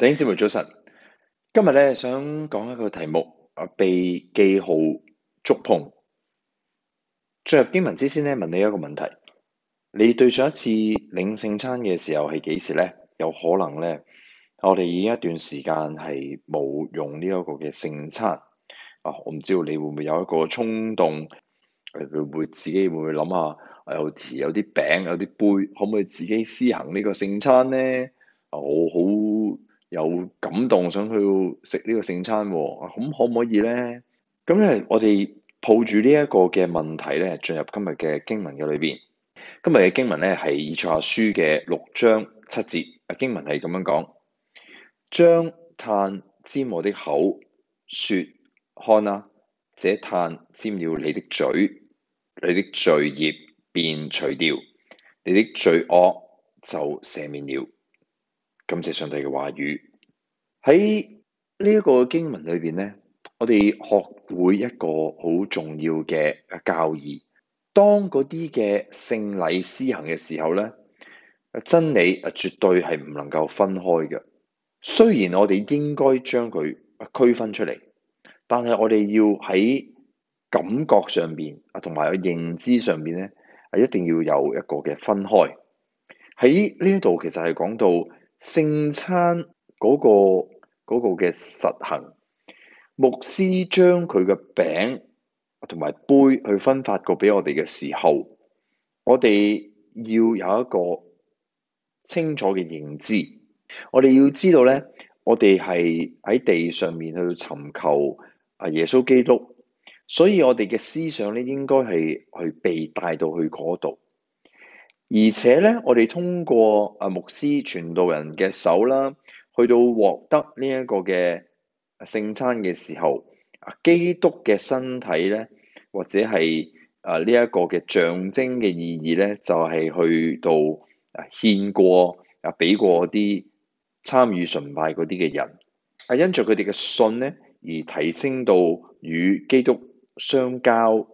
弟兄姐妹早晨，今日咧想講一個題目啊，被記號觸碰。進入經文之先咧，問你一個問題，你對上一次領聖餐嘅時候係幾時咧？有可能咧，我哋已經一段時間係冇用呢一個嘅聖餐啊。我唔知道你會唔會有一個衝動，誒，會唔會自己會諗下，有有啲餅，有啲杯，可唔可以自己施行呢個聖餐咧？啊，我好。有感動，想去食呢個聖餐喎，啊，咁，啊，可唔可以咧？咁，嗯，咧，我哋抱住呢一個嘅問題咧，進入今日嘅經文嘅裏邊。今日嘅經文咧係以賽亞書嘅六章七節，經文係咁樣講：將炭沾我的口，説，看啊，這炭沾了你的嘴，你的罪孽便除掉，你的罪惡就赦免了。感謝上帝嘅話語喺呢一個經文裏邊咧，我哋學會一個好重要嘅教義。當嗰啲嘅聖禮施行嘅時候咧，真理啊絕對係唔能夠分開嘅。雖然我哋應該將佢區分出嚟，但係我哋要喺感覺上邊啊，同埋認知上邊咧，係一定要有一個嘅分開。喺呢一度其實係講到。聖餐嗰個嗰個嘅實行，牧師將佢嘅餅同埋杯去分發過俾我哋嘅時候，我哋要有一個清楚嘅認知，我哋要知道咧，我哋係喺地上面去尋求啊耶穌基督，所以我哋嘅思想咧應該係去被帶到去嗰度。而且咧，我哋通過啊牧師傳道人嘅手啦，去到獲得呢一個嘅聖餐嘅時候，啊基督嘅身體咧，或者係啊呢一個嘅象徵嘅意義咧，就係去到啊獻過啊俾過啲參與崇拜嗰啲嘅人，啊因着佢哋嘅信咧而提升到與基督相交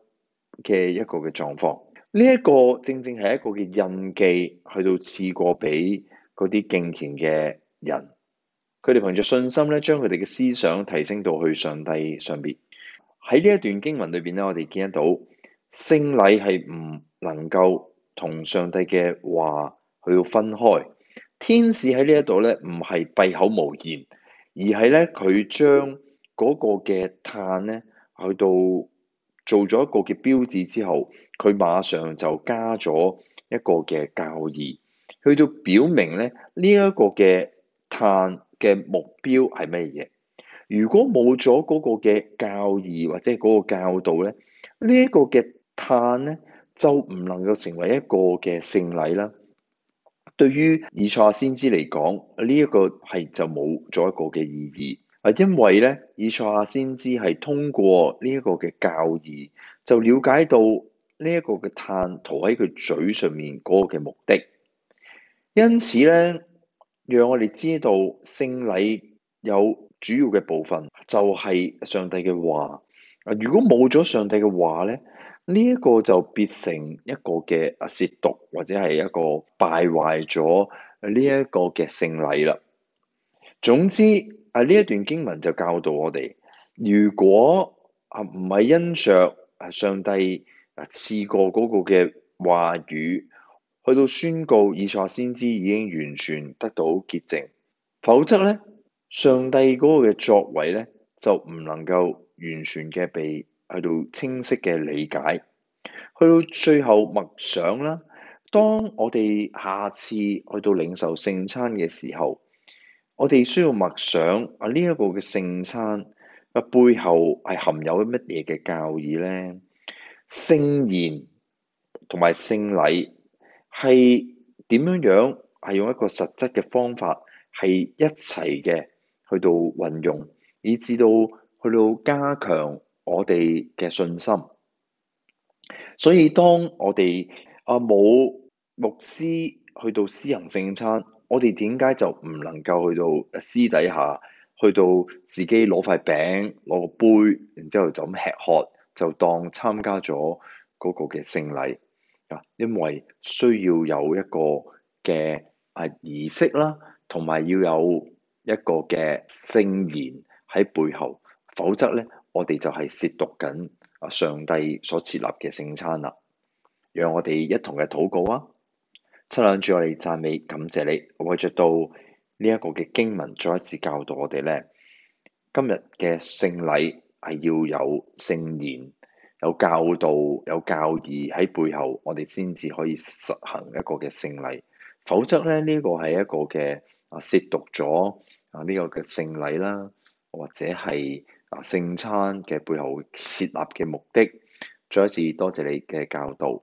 嘅一個嘅狀況。呢一個正正係一個嘅印記，去到賜過俾嗰啲敬虔嘅人，佢哋憑着信心咧，將佢哋嘅思想提升到去上帝上邊。喺呢一段經文裏邊咧，我哋見得到聖禮係唔能夠同上帝嘅話去到分開。天使喺呢一度咧，唔係閉口無言，而係咧佢將嗰個嘅炭咧去到。做咗一個嘅標誌之後，佢馬上就加咗一個嘅教義，去到表明咧呢一、這個嘅炭嘅目標係乜嘢？如果冇咗嗰個嘅教義或者嗰個教導咧，這個、呢一個嘅炭咧就唔能夠成為一個嘅聖禮啦。對於以賽先知嚟講，呢、這個、一個係就冇咗一個嘅意義。啊，因為咧，以賽亞先知係通過呢一個嘅教義，就了解到呢一個嘅炭塗喺佢嘴上面嗰個嘅目的。因此咧，讓我哋知道聖禮有主要嘅部分就係上帝嘅話。啊，如果冇咗上帝嘅話咧，呢、這、一個就變成一個嘅啊褻瀆或者係一個敗壞咗呢一個嘅聖禮啦。總之，係呢一段經文就教導我哋，如果啊唔係因着上帝嗱賜過嗰個嘅話語，去到宣告以賽亞先知已經完全得到潔淨，否則咧上帝嗰個嘅作為咧就唔能夠完全嘅被去到清晰嘅理解，去到最後默想啦。當我哋下次去到領受聖餐嘅時候。我哋需要默想啊，呢、這、一個嘅聖餐嘅、啊、背後係含有乜嘢嘅教義咧？聖言同埋聖禮係點樣樣？係用一個實質嘅方法係一齊嘅去到運用，以至到去到加強我哋嘅信心。所以當我哋啊冇牧師去到施行聖餐。我哋點解就唔能夠去到私底下，去到自己攞塊餅、攞個杯，然之後就咁吃喝，就當參加咗嗰個嘅聖禮啊？因為需要有一個嘅啊儀式啦，同埋要有一個嘅聖言喺背後，否則咧，我哋就係褻瀆緊啊上帝所設立嘅聖餐啦。讓我哋一同嘅禱告啊！親暱住我哋讚美感謝你，為着到呢一個嘅經文再一次教導我哋咧，今日嘅聖禮係要有聖言、有教導、有教義喺背後，我哋先至可以實行一個嘅聖禮。否則咧，呢、呢個係一個嘅啊，褻瀆咗啊呢個嘅聖禮啦，或者係啊聖餐嘅背後設立嘅目的，再一次多謝你嘅教導，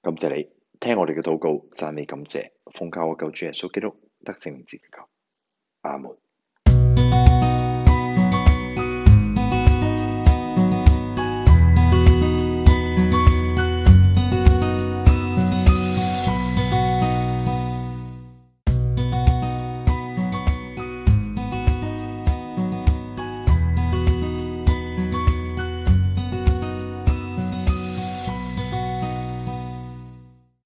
感謝你。聽我哋嘅禱告，讚美感謝，奉靠我救主耶穌基督得聖靈之靈救，阿門。